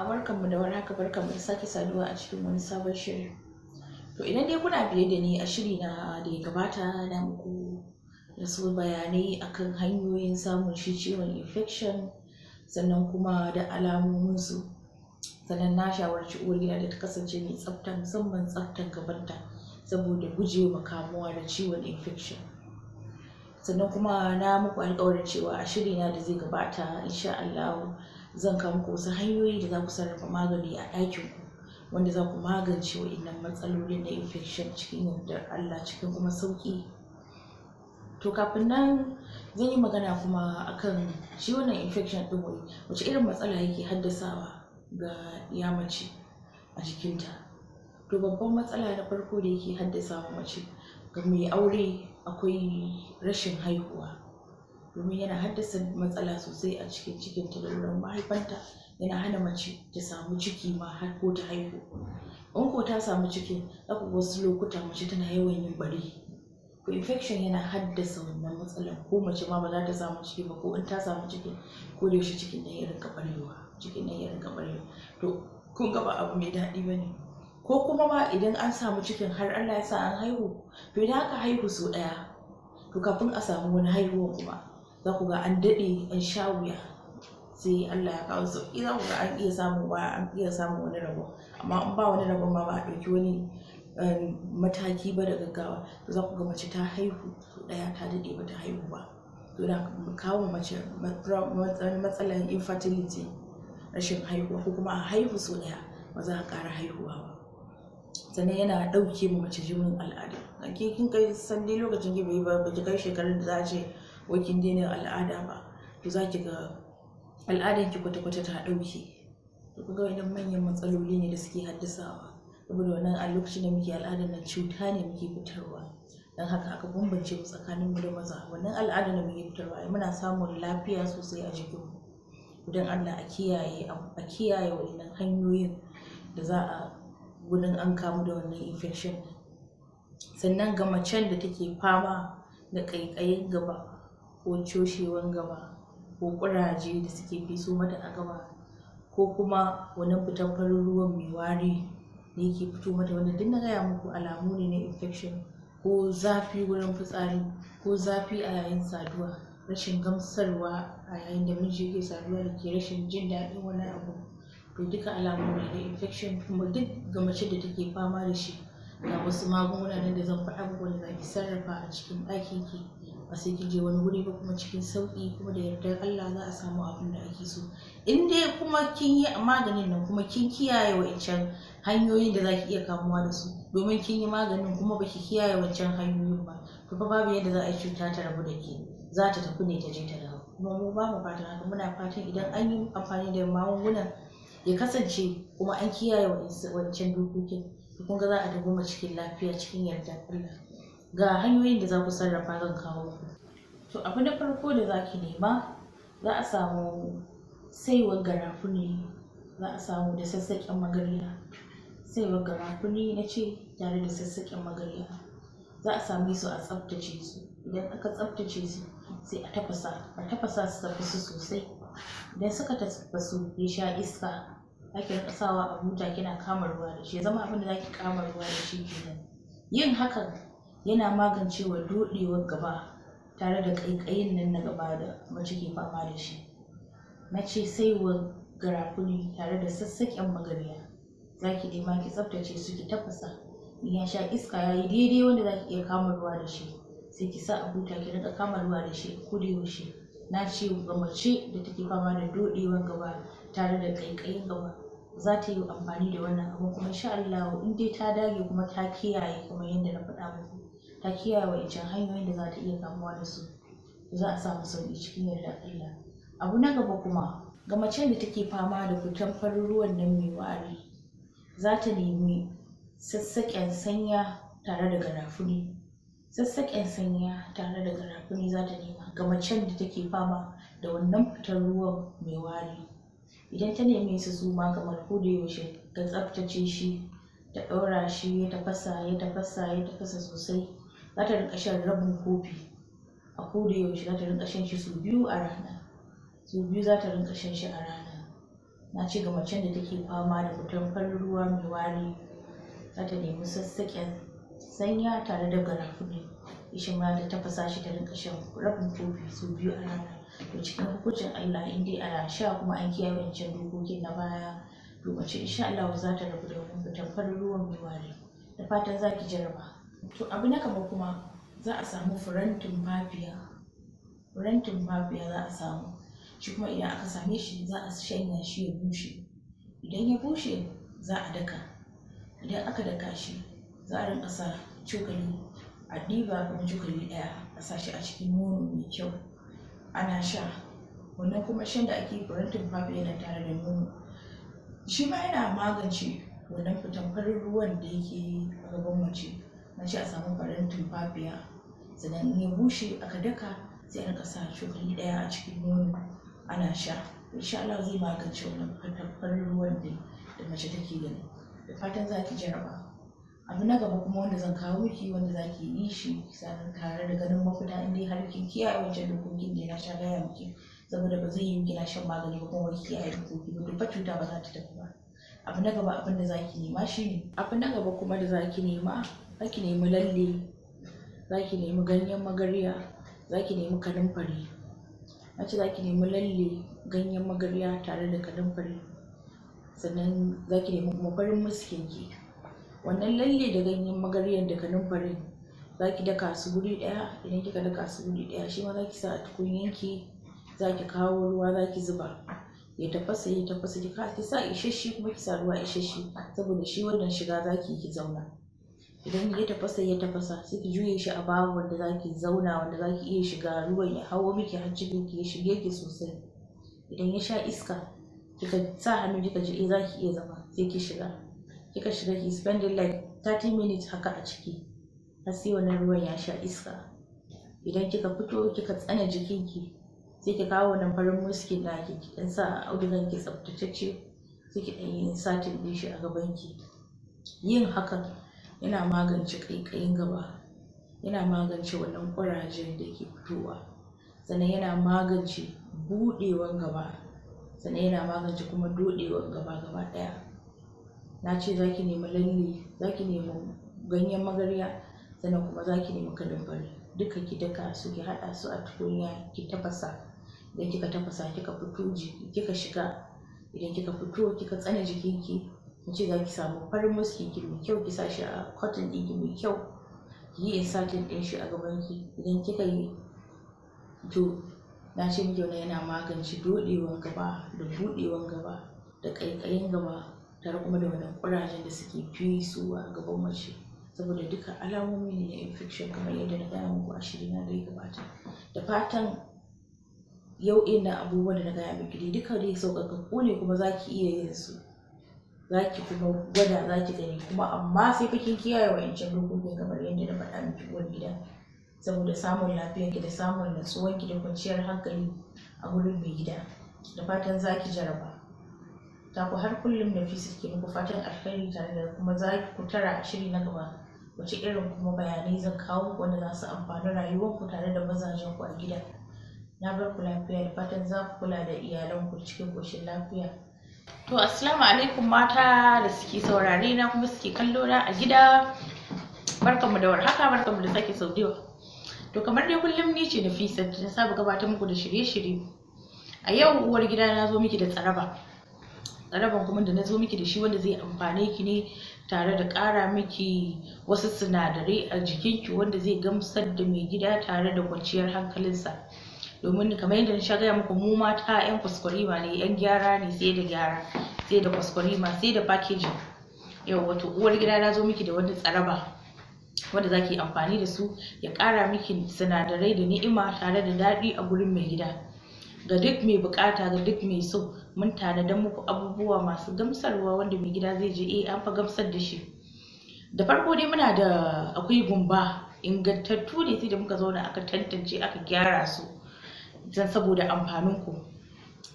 a barkanmu da warhaka mu da sake saduwa a cikin wani sabon shiri to idan dai kuna biye da ni a shiri na da ya gabata na muku wasu bayanai akan hanyoyin samun shi ciwon infection sannan kuma da alamomin su. sannan na shawarci uwar gida da ta kasance mai tsafta musamman tsaftar gabanta saboda gujewa kamuwa da ciwon infection sannan kuma na muku alƙawarin cewa a shiri na da zai gabata insha Allah zan kawo muku wasu hanyoyi da za ku sarrafa magani a ɗakin ku wanda za ku magance wa'innan matsalolin na infection cikin yardar Allah cikin kuma sauƙi to kafin nan zan yi magana kuma akan shi wannan infection ɗin wai wace irin matsala yake haddasawa ga ya mace a jikinta to babban matsala na farko da yake haddasa mace ga mai aure akwai rashin haihuwa domin yana haddasa matsala sosai a cikin cikin ta wurin mahaifanta yana hana mace ta samu ciki ma har ko ta haihu in ko ta samu ciki zaka wasu lokuta mace tana yawan yin bari ko infection yana haddasa wannan matsalar ko mace ma ba za ta samu ciki ba ko in ta samu ciki ko da yaushe cikin nan ya rinka barewa cikin nan ya rinka barewa to kun ga ba abu mai daɗi ba ne ko kuma ma idan an samu cikin har Allah ya sa an haihu to idan aka haihu sau ɗaya to kafin a samu wani haihuwa kuma za ku ga an daɗe an sha wuya sai Allah ya kawo sauƙi za ku ga an iya samun ba an iya samun wani rabon amma in ba wani rabon ma ba a ɗauki wani um, mataki ba da gaggawa to za ku ga mace ta haihu so ɗaya ta daɗe ba ta haihu ba to da kawo mace matsalar infertility rashin haihuwa ko kuma a haihu so ɗaya ba za a ƙara haihuwa ba sannan yana ɗauke ma mace jinin al'ada kin kai san dai lokacin ki bai ba ji kai shekarun da za a ce wakin dinin daina al'ada ba to za ki ga al'adar ki kwata-kwata ta ɗauki. to kuga manyan matsaloli ne da suke haddasawa saboda wannan a lokacin da muke al'adar nan cuta ne muke fitarwa don haka aka bambance mu tsakanin mu da maza wannan al'adar da muke fitarwa muna samun lafiya sosai a mu don Allah a kiyaye a kiyaye wannan hanyoyin da za a gudun an kamu da wannan infection sannan ga macen da take fama da ƙaiƙayin gaba ko coshewan gaba ko ƙuraje da suke fiso mata a gaba ko kuma wani fitan farin ruwan mai wari da yake fito mata wanda duk na gaya muku alamu ne na infection ko zafi wurin fitsari ko zafi a yayin saduwa rashin gamsarwa a yayin da miji yake saduwa da ke rashin jin daɗin wani abu to duka alamu ne na infection kuma duk ga mace da take fama da shi ga wasu magunguna da zan faɗa muku wanda za sarrafa a cikin ɗakin ki ba sai kin je wani wuri ba kuma cikin sauki kuma da yardar Allah za a samu abin da ake so in dai kuma kin yi maganin nan kuma kin kiyaye wa'incan hanyoyin da za ki iya kamuwa da su domin kin yi maganin kuma baki kiyaye wancan hanyoyin ba to fa babu yadda za a yi cuta ta rabu da ke za ta tafi ne ta je ta dawo kuma mu ba mu fatan haka muna fatan idan an yi amfani da magungunan ya kasance kuma an kiyaye wancan dokokin kun ga za a ma cikin lafiya cikin yardar Allah ga hanyoyin da za ku sarrafa zan kawo ku to abu na farko da za ki nema za a samu saiwar garafuni za a samu da sassaƙen magarya saiwar garafuni na ce tare da sassaƙen magarya za a same su a tsaftace su idan aka tsaftace su sai a tafasa a tafasa su tafasu sosai idan suka tafasu ya sha iska ake rika sawa a buta kina kama ruwa da shi zama abin da ki kama ruwa da shi kenan yin hakan yana magancewa dodewar gaba tare da ƙaiƙayin nan na gaba da mace ke fama da shi na ce saiwa garafuni tare da sassaƙen magariya za ki nema ki tsaftace su ki tafasa in ya sha iska ya yi daidai wanda za ki iya kama ruwa da shi sai ki sa a buta ki rika kama ruwa da shi ko da yaushe na ce ga mace da take fama da dodewar gaba tare da ƙaiƙayin gaba za ta yi amfani da wannan abu kuma insha Allah in dai ta dage kuma ta kiyaye kamar yadda na faɗa muku ta kiyaye wa'incan hanyoyin da za ta iya kamuwa da su za a samu sauƙi cikin yarda Allah abu na gaba kuma ga macen da take fama da fitan farin ruwan nan mai wari za ta nemi sassaƙen sanya tare da garafuni sassaƙen sanya tare da garafuni za ta nema ga macen da take fama da wannan fitar ruwan mai wari idan ta nemi su su ma kamar ko yaushe ta tsaftace shi ta ɗaura shi ya tafasa ya tafasa ya tafasa sosai za ta rinka shan rabin kofi a koda yaushe za ta rinka shan shi sau biyu a rana sau biyu za ta rinka shan shi a rana na ce ga macen da take fama da fitan farin ruwa mai wari za ta nemi sassaƙen sanya tare da garafuni shi ma ta tafasa shi ta rinka shan rabin kofi sau biyu a rana to cikin hukuncin Allah in dai ana sha kuma an kiyaye wancan dokokin na baya to mace insha Allah za ta rabu da wannan farin ruwa mai wari da fatan za ki jarraba to abu na kama kuma za a samu furantin tumfafiya furantin za a samu shi kuma idan aka same shi za a shanya shi ya bushe idan ya bushe za a daka idan aka daka shi za a rinka sa cokali a diba kuma cokali ɗaya a sa shi a cikin nono mai kyau ana sha wannan kuma shan da ake furantin tumfafiya yana tare da nono shi ma yana magance wannan fitan farin ruwan da yake a gaban mace na shi a samu farin tumfafiya sannan in ya bushe aka daka sai a rika sa ɗaya a cikin nono ana sha insha Allah zai magance wannan farin ruwan da da mace take gani da fatan za ki jaraba abu na gaba kuma wanda zan kawo miki wanda za ki yi shi sannan tare da ganin mafita in dai har kin kiyaye wajen dokokin da na sha gaya miki saboda ba zai yi na shan magani ba kuma ki kiyaye dokoki ba dubbar cuta ba za ta tafi ba abu na gaba abin da za ki nema shi ne abu na gaba kuma da za ki nema za ki nemi lalle za ki nemi ganyen magarya za ki nemi kanumfari a ce za ki nemi lalle ganyen magarya tare da kanumfari sannan za ki nemi kuma farin muskinki wannan lalle da ganyen magaryan da kanumfarin za ki daka su guri daya idan kika daka su guri daya shi ma za ki sa a tukunyanki za ki kawo ruwa za ki zuba ya tafasa ya tafasa ki sa isasshe kuma ki sa ruwa isasshe saboda shi wannan shiga za ki yi ki zauna idan ya tafasa ya tafasa sai ki juye shi a babu wanda zaki zauna wanda zaki iya shiga ruwan ya hawo miki har cikin ki ya shige ki sosai idan ya sha iska kika sa hannu kika ji eh, za zaki iya zama sai ki shiga kika shiga ki spend like 30 minutes haka a ciki har sai wannan ruwan ya sha iska idan kika fito kika tsana jikinki sai ki kawo wannan farin muskin naki ki dan sa audugan ki tsaftatacce sai ki dan yi satin dishi a gaban ki yin hakan yana magance ƙaiƙayin gaba yana magance wannan ƙurajen da ke fitowa sannan yana magance buɗewan gaba sannan yana magance kuma doɗewan gaba gaba ɗaya na ce za ki nemi lalle za ki nemi ganyen magarya sannan kuma za ki nemi kalamfari duka ki daka su ki haɗa su a tukunya ki tafasa idan kika tafasa kika fito kika shiga idan kika fito kika tsane jikinki ce za ki samu farin muski ki mai kyau ki sashi a cotton din ki mai kyau ki yi inserting din shi a gaban ki idan kika yi to na ce miki wannan yana magance dodewan gaba da buɗewa gaba da kaikayin gaba tare kuma da wannan kurajen da suke fi suwa a gaban mace saboda duka alamomi ne na infection kamar yadda na gaya muku a shirin na dai gabata da fatan yau ina abubuwan da na gaya miki duka dai sauƙaƙaƙƙu ne kuma za ki iya yin su za ki kuma gwada za ki gani kuma amma sai fakin kiyaye wa'ancan dokokin kamar yadda na faɗa miki uwar gida saboda samun ki da samun ki da kwanciyar hankali a gurin mai gida da fatan za ki jaraba ta ku har kullum da fisa ke muku fatan alkhairi tare da kuma za ki ku tara a shiri na gaba wace irin kuma bayanai zan kawo wanda za su amfani rayuwarku tare da mazajen ku a gida na bar ku lafiya da fatan za ku kula da iyalanku cikin ƙoshin lafiya To assalamu alaikum mata da suke saurare na kuma suke kallo na a gida. Barkanmu da warhaka, barkanmu da sake To kamar dai kullum ni ce na fisa da saba gabatar muku da shirye-shirye. A yau uwar gida na zo miki da tsaraba. Tsaraban kuma da na zo miki da shi wanda zai amfane ki ne tare da ƙara miki wasu sinadarai a jikinki wanda zai gamsar da mai gida tare da kwanciyar hankalinsa. domin kamar yadda na gaya muku mu mata yan kwaskwarima ne yan gyara ne sai da gyara sai da kwaskwarima sai da packaging yau wato uwar gida na zo miki da wani tsaraba wanda za ki amfani da su ya kara miki sinadarai da ni'ima tare da daɗi a gurin mai gida ga duk mai buƙata ga duk mai so mun da muku abubuwa masu gamsarwa wanda mai gida zai je eh an fa gamsar da shi da farko dai muna da akwai gumba ingantattu ne sai da muka zauna aka tantance aka gyara su don saboda amfanin ku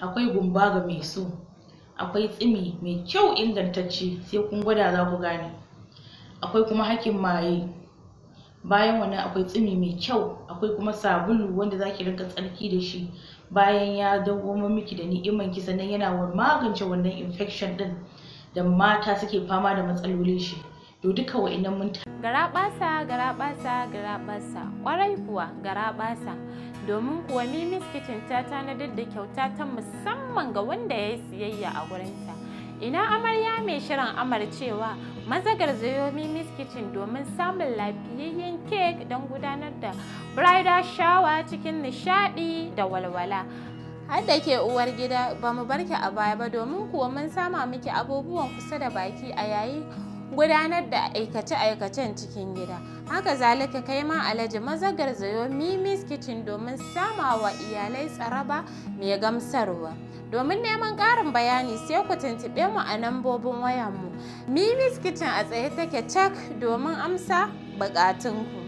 akwai gumba ga mai so akwai tsimi mai kyau ingantacce sai kun gwada za ku gane akwai kuma hakin maye bayan wannan akwai tsimi mai kyau akwai kuma sabulu wanda zaki rinka tsarki da shi bayan ya dawwama miki da ni'iman ki sannan yana magance wannan infection din da mata suke fama da matsalolin shi to duka wa'annan mun gara basa gara basa gara basa kwarai kuwa gara basa domin kuwa mimis kitchen ta tanadar da kyauta ta musamman ga wanda ya yi siyayya a gurinta ina amarya mai shirin amarcewa mazagar garzayo mimis kitchen domin samun lafiyayyen kek don gudanar da bridal shawa cikin nishadi da walwala har ke uwar gida ba mu barki a baya ba domin kuwa mun sama miki abubuwan kusa da baki a yayi. gudanar da aikace-aikacen cikin gida. Haka zalika kai ma alhaji mazagar zayo Mimi's Kitchen domin samawa wa iyalai tsaraba mai gamsarwa. Domin neman ƙarin bayani sai ku tuntuɓe mu a nambobin wayanmu. Mimi's Kitchen a tsaye take cak domin amsa buƙatunku.